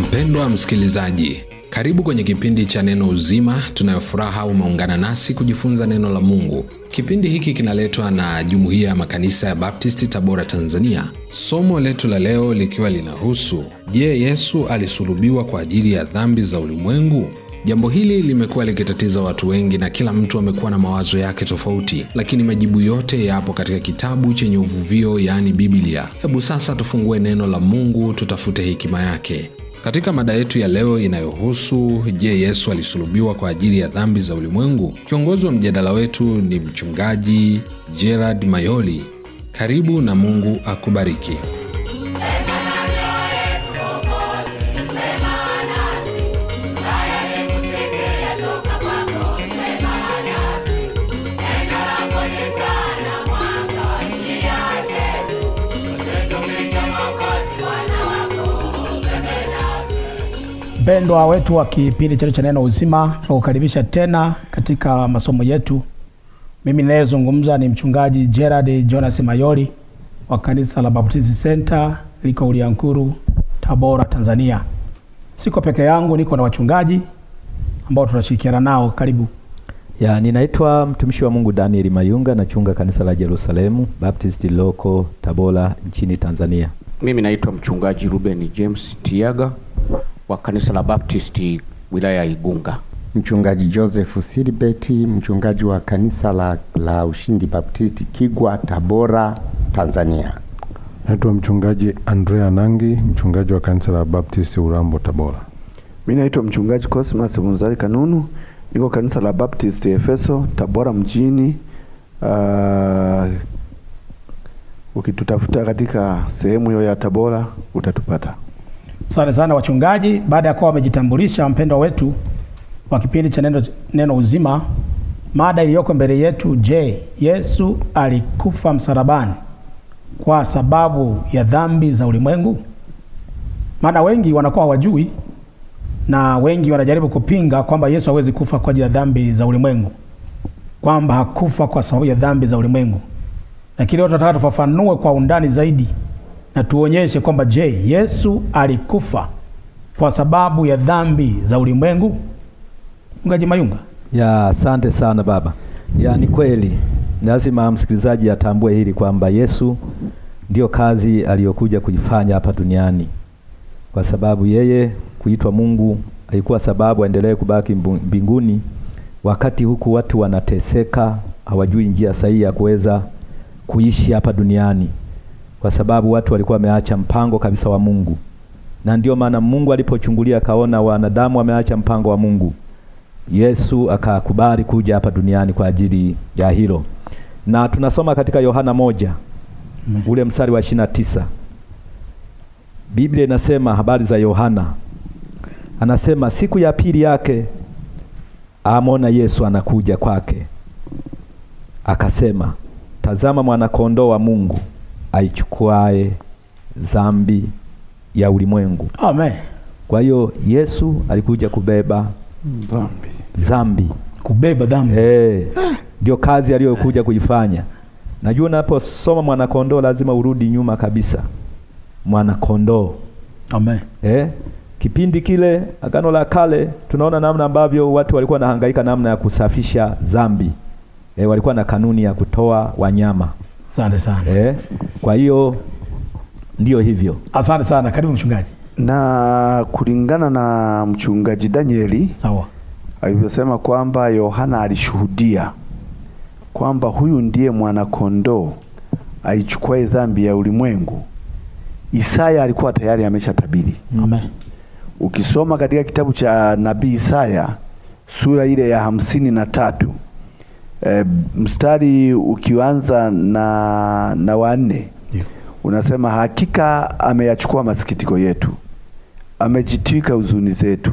Mpendwa msikilizaji, karibu kwenye kipindi cha Neno Uzima. Tunayofuraha umeungana nasi kujifunza neno la Mungu. Kipindi hiki kinaletwa na Jumuiya ya Makanisa ya Baptisti, Tabora, Tanzania. Somo letu la leo likiwa linahusu je, Yesu alisulubiwa kwa ajili ya dhambi za ulimwengu? Jambo hili limekuwa likitatiza watu wengi na kila mtu amekuwa na mawazo yake tofauti, lakini majibu yote yapo katika kitabu chenye uvuvio, yaani Biblia. Hebu sasa tufungue neno la Mungu, tutafute hekima yake. Katika mada yetu ya leo inayohusu je, Yesu alisulubiwa kwa ajili ya dhambi za ulimwengu? Kiongozi wa mjadala wetu ni mchungaji Gerard Mayoli. Karibu na Mungu akubariki. Mpendwa wetu wa kipindi chetu cha neno uzima, tunakukaribisha tena katika masomo yetu. Mimi ninayezungumza ni mchungaji Gerard Jonas Mayori wa kanisa la Baptist Center liko Uliankuru, Tabora, Tanzania. Siko peke yangu, niko na wachungaji ambao tunashirikiana nao. Karibu. Ya, ninaitwa mtumishi wa Mungu Daniel Mayunga, nachunga kanisa la Jerusalemu Baptist loko Tabora nchini Tanzania. Mimi naitwa mchungaji Ruben James Tiaga wa kanisa la Baptisti wilaya ya Igunga. Mchungaji Joseph Silibeti, mchungaji wa kanisa la, la Ushindi Baptisti Kigwa, Tabora, Tanzania. Naitwa mchungaji Andrea Nangi, mchungaji wa kanisa la Baptisti Urambo, Tabora. Mi naitwa mchungaji Cosmas Munzari Kanunu, niko kanisa la Baptisti Efeso, Tabora mjini. Uh, ukitutafuta katika sehemu hiyo ya Tabora utatupata sante sana wachungaji, baada ya kuwa wamejitambulisha mpendwa wetu wa kipindi cha neno, neno uzima, mada iliyoko mbele yetu, je, Yesu alikufa msalabani kwa sababu ya dhambi za ulimwengu? Maana wengi wanakuwa hawajui na wengi wanajaribu kupinga kwamba Yesu hawezi kufa kwa ajili ya dhambi za ulimwengu, kwamba hakufa kwa sababu ya dhambi za ulimwengu, lakini leo tunataka tufafanue kwa undani zaidi na tuonyeshe kwamba je, Yesu alikufa kwa sababu ya dhambi za ulimwengu? Mchungaji Mayunga. Ya, asante sana baba. Ya, ni kweli lazima msikilizaji atambue hili kwamba Yesu ndiyo kazi aliyokuja kuifanya hapa duniani, kwa sababu yeye kuitwa Mungu haikuwa sababu aendelee kubaki mbinguni wakati huku watu wanateseka, hawajui njia sahihi ya kuweza kuishi hapa duniani kwa sababu watu walikuwa wameacha mpango kabisa wa Mungu, na ndiyo maana Mungu alipochungulia akaona wanadamu wameacha mpango wa Mungu, Yesu akakubali kuja hapa duniani kwa ajili ya hilo. Na tunasoma katika Yohana moja ule mstari wa ishirini na tisa Biblia inasema habari za Yohana, anasema siku ya pili yake amona Yesu anakuja kwake, akasema, tazama kondoo wa Mungu aichukuae zambi ya ulimwengu. Amen. Kwa hiyo Yesu alikuja kubeba dhambi, zambi. kubeba dhambi eh, ndio, hey, kazi aliyokuja kuifanya. Najua unaposoma mwanakondoo lazima urudi nyuma kabisa, mwanakondoo. Amen. Hey, eh, kipindi kile Agano la Kale tunaona namna ambavyo watu walikuwa wanahangaika namna ya kusafisha zambi Eh, walikuwa na kanuni ya kutoa wanyama Asante sana. Eh, kwa hiyo ndio hivyo. Asante sana. Karibu mchungaji. Na kulingana na mchungaji Danieli, sawa, alivyosema kwamba Yohana alishuhudia kwamba huyu ndiye mwanakondoo aichukwae dhambi ya ulimwengu. Isaya alikuwa tayari ameshatabiri. Amen. Ukisoma katika kitabu cha nabii Isaya sura ile ya hamsini na tatu e, mstari ukianza na, na wanne yeah. Unasema hakika ameyachukua masikitiko yetu, amejitwika huzuni zetu,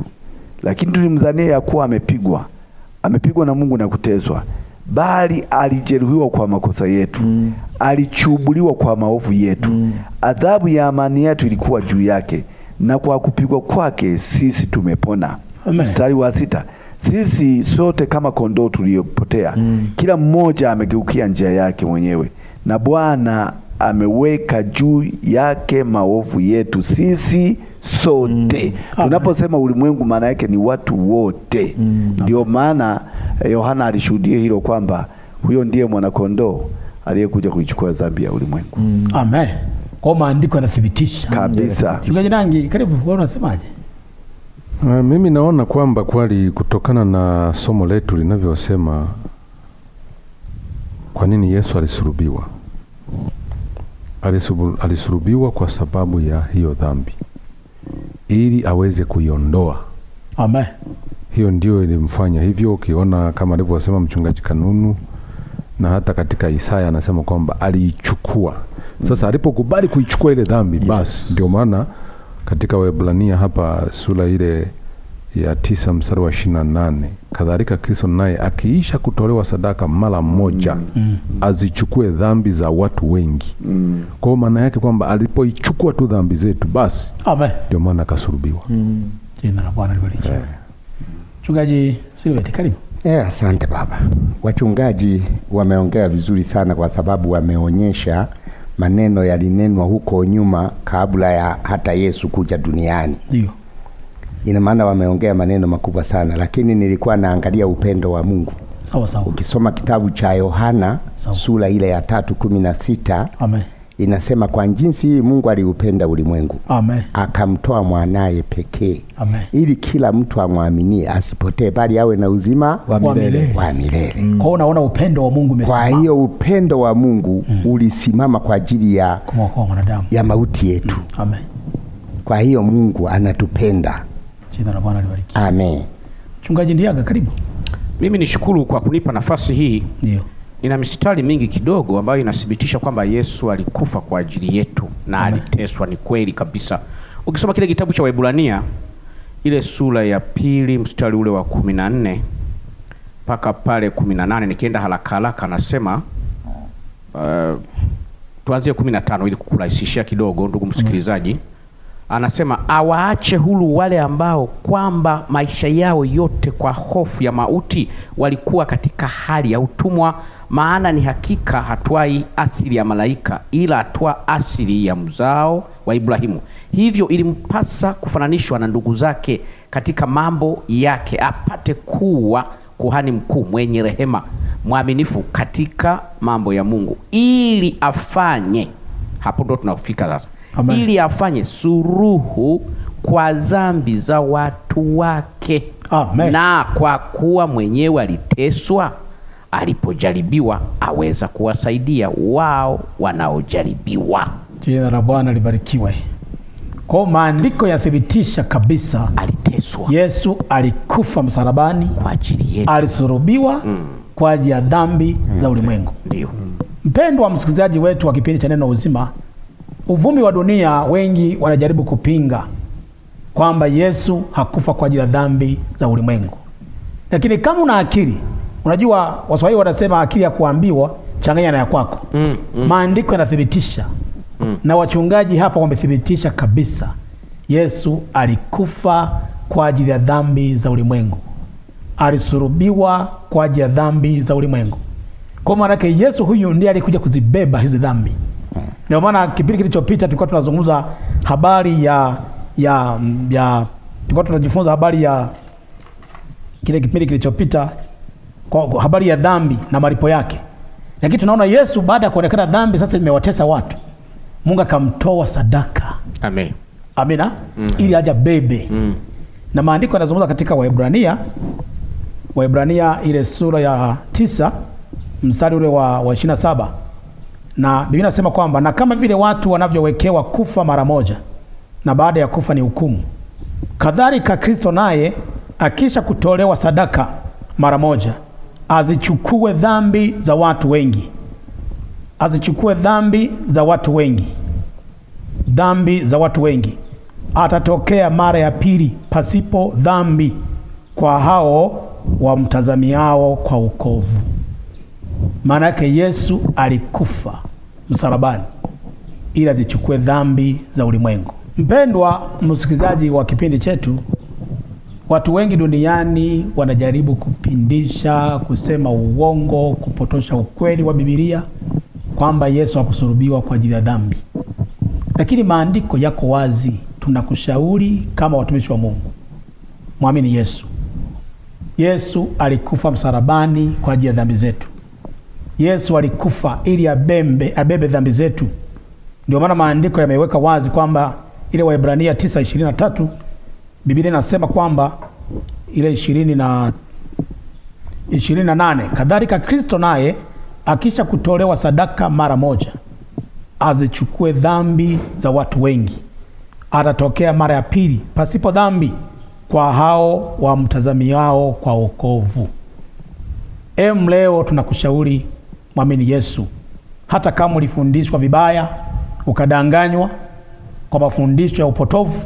lakini tulimdhania ya kuwa amepigwa, amepigwa na Mungu na kuteswa, bali alijeruhiwa kwa makosa yetu mm. alichubuliwa kwa maovu yetu mm. adhabu ya amani yetu ilikuwa juu yake, na kwa kupigwa kwake sisi tumepona. Amen. Mstari wa sita sisi sote kama kondoo tuliyopotea mm. Kila mmoja amegeukia njia yake mwenyewe na Bwana ameweka juu yake maovu yetu sisi sote mm. Tunaposema ulimwengu, maana yake ni watu wote mm. ndio mm. Maana eh, Yohana alishuhudia hilo kwamba huyo ndiye mwanakondoo aliyekuja kuichukua dhambi ya ulimwengu mm. Amen. Kwa maandiko yanathibitisha kabisa. Mchungaji Nangi, karibu, unasemaje? Uh, mimi naona kwamba kweli kutokana na somo letu linavyosema kwa nini Yesu alisulubiwa. Alisulubiwa kwa sababu ya hiyo dhambi ili aweze kuiondoa. Amen. Hiyo ndio ilimfanya hivyo. Ukiona kama alivyosema mchungaji Kanunu na hata katika Isaya anasema kwamba aliichukua. Sasa mm. alipokubali kuichukua ile dhambi, yes. Basi ndio maana katika Waebrania hapa sura ile ya tisa mstari wa ishirini na nane kadhalika Kristo naye akiisha kutolewa sadaka mara moja mm, mm, azichukue dhambi za watu wengi mm. Kwa maana yake kwamba alipoichukua tu dhambi zetu basi ndio maana akasulubiwa. mm. Jina la Bwana libarikiwe. Yeah. Mchungaji Silvet, karibu. Yeah, asante baba. Wachungaji wameongea vizuri sana kwa sababu wameonyesha maneno yalinenwa huko nyuma kabla ya hata Yesu kuja duniani. Ndio. Ina maana wameongea maneno makubwa sana, lakini nilikuwa naangalia upendo wa Mungu. Sawa sawa. Ukisoma kitabu cha Yohana sura ile ya tatu kumi na sita. Amen inasema kwa jinsi hii Mungu aliupenda ulimwengu Amen. akamtoa mwanaye pekee ili kila mtu amwaminie asipotee, bali awe na uzima wa milele wa milele. Mm. Kwa hiyo unaona upendo wa Mungu umesimama. Kwa hiyo upendo wa Mungu mm. ulisimama kwa ajili ya ya mauti yetu mm. Amen. Kwa hiyo Mungu anatupenda. Jina la Bwana libarikiwe. Amen. Mchungaji Ndiaga, karibu. Mimi nishukuru kwa kunipa nafasi hii. Ndio ina mistari mingi kidogo ambayo inathibitisha kwamba Yesu alikufa kwa ajili yetu na aliteswa. Ni kweli kabisa. Ukisoma kile kitabu cha Waebrania ile sura ya pili mstari ule wa kumi na nne mpaka pale kumi na nane nikienda haraka haraka anasema uh, tuanzie kumi na tano ili kukurahisishia kidogo, ndugu msikilizaji anasema awaache hulu wale ambao kwamba maisha yao yote kwa hofu ya mauti walikuwa katika hali ya utumwa, maana ni hakika hatwai asili ya malaika, ila hatwa asili ya mzao wa Ibrahimu. Hivyo ilimpasa kufananishwa na ndugu zake katika mambo yake, apate kuwa kuhani mkuu mwenye rehema, mwaminifu katika mambo ya Mungu, ili afanye hapo ndo tunafika sasa Amen. ili afanye suruhu kwa dhambi za watu wake Amen. Na kwa kuwa mwenyewe aliteswa alipojaribiwa, aweza kuwasaidia wao wanaojaribiwa. Jina la Bwana libarikiwe. Kwa maandiko yathibitisha kabisa, aliteswa. Yesu alikufa msalabani kwa ajili yetu, alisurubiwa mm. kwa ajili ya dhambi mm. za ulimwengu. Ndio mpendwa msikilizaji wetu wa kipindi cha Neno Uzima, uvumi wa dunia, wengi wanajaribu kupinga kwamba Yesu hakufa kwa ajili ya dhambi za ulimwengu, lakini kama una akili, unajua Waswahili wanasema akili ya kuambiwa changanya na ya kwako. mm, mm. Maandiko yanathibitisha mm. na wachungaji hapa wamethibitisha kabisa, Yesu alikufa kwa ajili ya dhambi za ulimwengu, alisurubiwa kwa ajili ya dhambi za ulimwengu. Kwa maana yake Yesu huyu ndiye alikuja kuzibeba hizi dhambi. Ndio maana kipindi kilichopita tulikuwa tunazungumza habari ya ya ya tulikuwa tunajifunza habari ya kile kipindi kilichopita kwa habari ya dhambi na malipo yake. Lakini tunaona Yesu baada ya kuonekana dhambi sasa imewatesa watu, Mungu akamtoa sadaka. Amen. Amina. Mm -hmm. Ili aja bebe. Mm. Na maandiko yanazungumza katika Waebrania Waebrania ile sura ya tisa mstari ule wa, wa ishirini na saba na Biblia inasema kwamba na kama vile watu wanavyowekewa kufa mara moja na baada ya kufa ni hukumu, kadhalika Kristo naye akisha kutolewa sadaka mara moja azichukue dhambi za watu wengi, azichukue dhambi za watu wengi, dhambi za watu wengi. Atatokea mara ya pili pasipo dhambi kwa hao wamtazamiao kwa ukovu. Maana yake Yesu alikufa msalabani ili azichukue dhambi za ulimwengu. Mpendwa msikilizaji wa kipindi chetu, watu wengi duniani wanajaribu kupindisha, kusema uongo, kupotosha ukweli wa Biblia kwamba Yesu hakusulubiwa kwa ajili ya dhambi, lakini maandiko yako wazi. Tunakushauri kama watumishi wa Mungu, mwamini Yesu. Yesu alikufa msalabani kwa ajili ya dhambi zetu. Yesu alikufa ili abembe, abebe dhambi zetu. Ndio maana maandiko yameweka wazi kwamba ile Waebrania 9:23 Biblia inasema kwamba ile 20 na 28 kadhalika Kristo naye akisha kutolewa sadaka mara moja azichukue dhambi za watu wengi, atatokea mara ya pili pasipo dhambi kwa hao wamtazamiao kwa wokovu. Em, leo tunakushauri mwamini Yesu, hata kama ulifundishwa vibaya, ukadanganywa kwa mafundisho ya upotovu,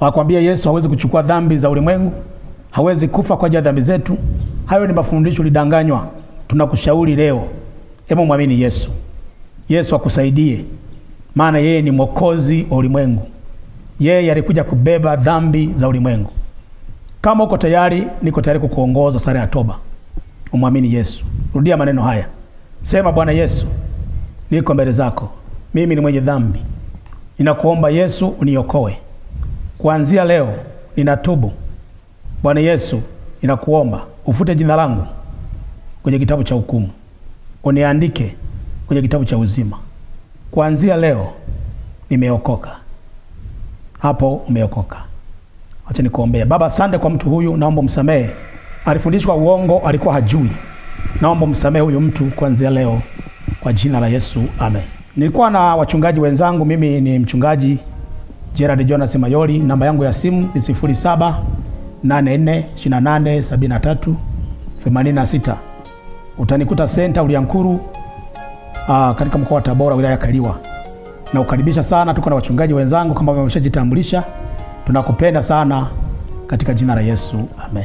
wakwambia Yesu hawezi kuchukua dhambi za ulimwengu, hawezi kufa kwa ajili ya dhambi zetu. Hayo ni mafundisho, ulidanganywa. Tunakushauri leo, hebu mwamini Yesu. Yesu akusaidie, maana yeye ni mwokozi wa ulimwengu. Yeye alikuja kubeba dhambi za ulimwengu. Kama uko tayari, niko tayari kukuongoza sala ya toba. Umwamini Yesu. Rudia maneno haya. Sema, Bwana Yesu, niko mbele zako, mimi ni mwenye dhambi, ninakuomba Yesu uniokoe. Kuanzia leo ninatubu. Bwana Yesu, ninakuomba ufute jina langu kwenye kitabu cha hukumu, uniandike kwenye kitabu cha uzima. Kuanzia leo nimeokoka. Hapo umeokoka. Acha nikuombea. Baba, asante kwa mtu huyu, naomba msamehe. Alifundishwa uongo, alikuwa hajui naomba msamehe huyu mtu kuanzia leo kwa jina la Yesu, amen. Nilikuwa na wachungaji wenzangu, mimi ni mchungaji Gerard Jonas Mayoli. Namba yangu ya simu ni 0784287386. Utanikuta senta Uliankuru, aa, ah, katika mkoa wa Tabora, wilaya ya Kaliwa. Na ukaribisha sana, tuko na wachungaji wenzangu kama wameshajitambulisha. Tunakupenda sana katika jina la Yesu, amen.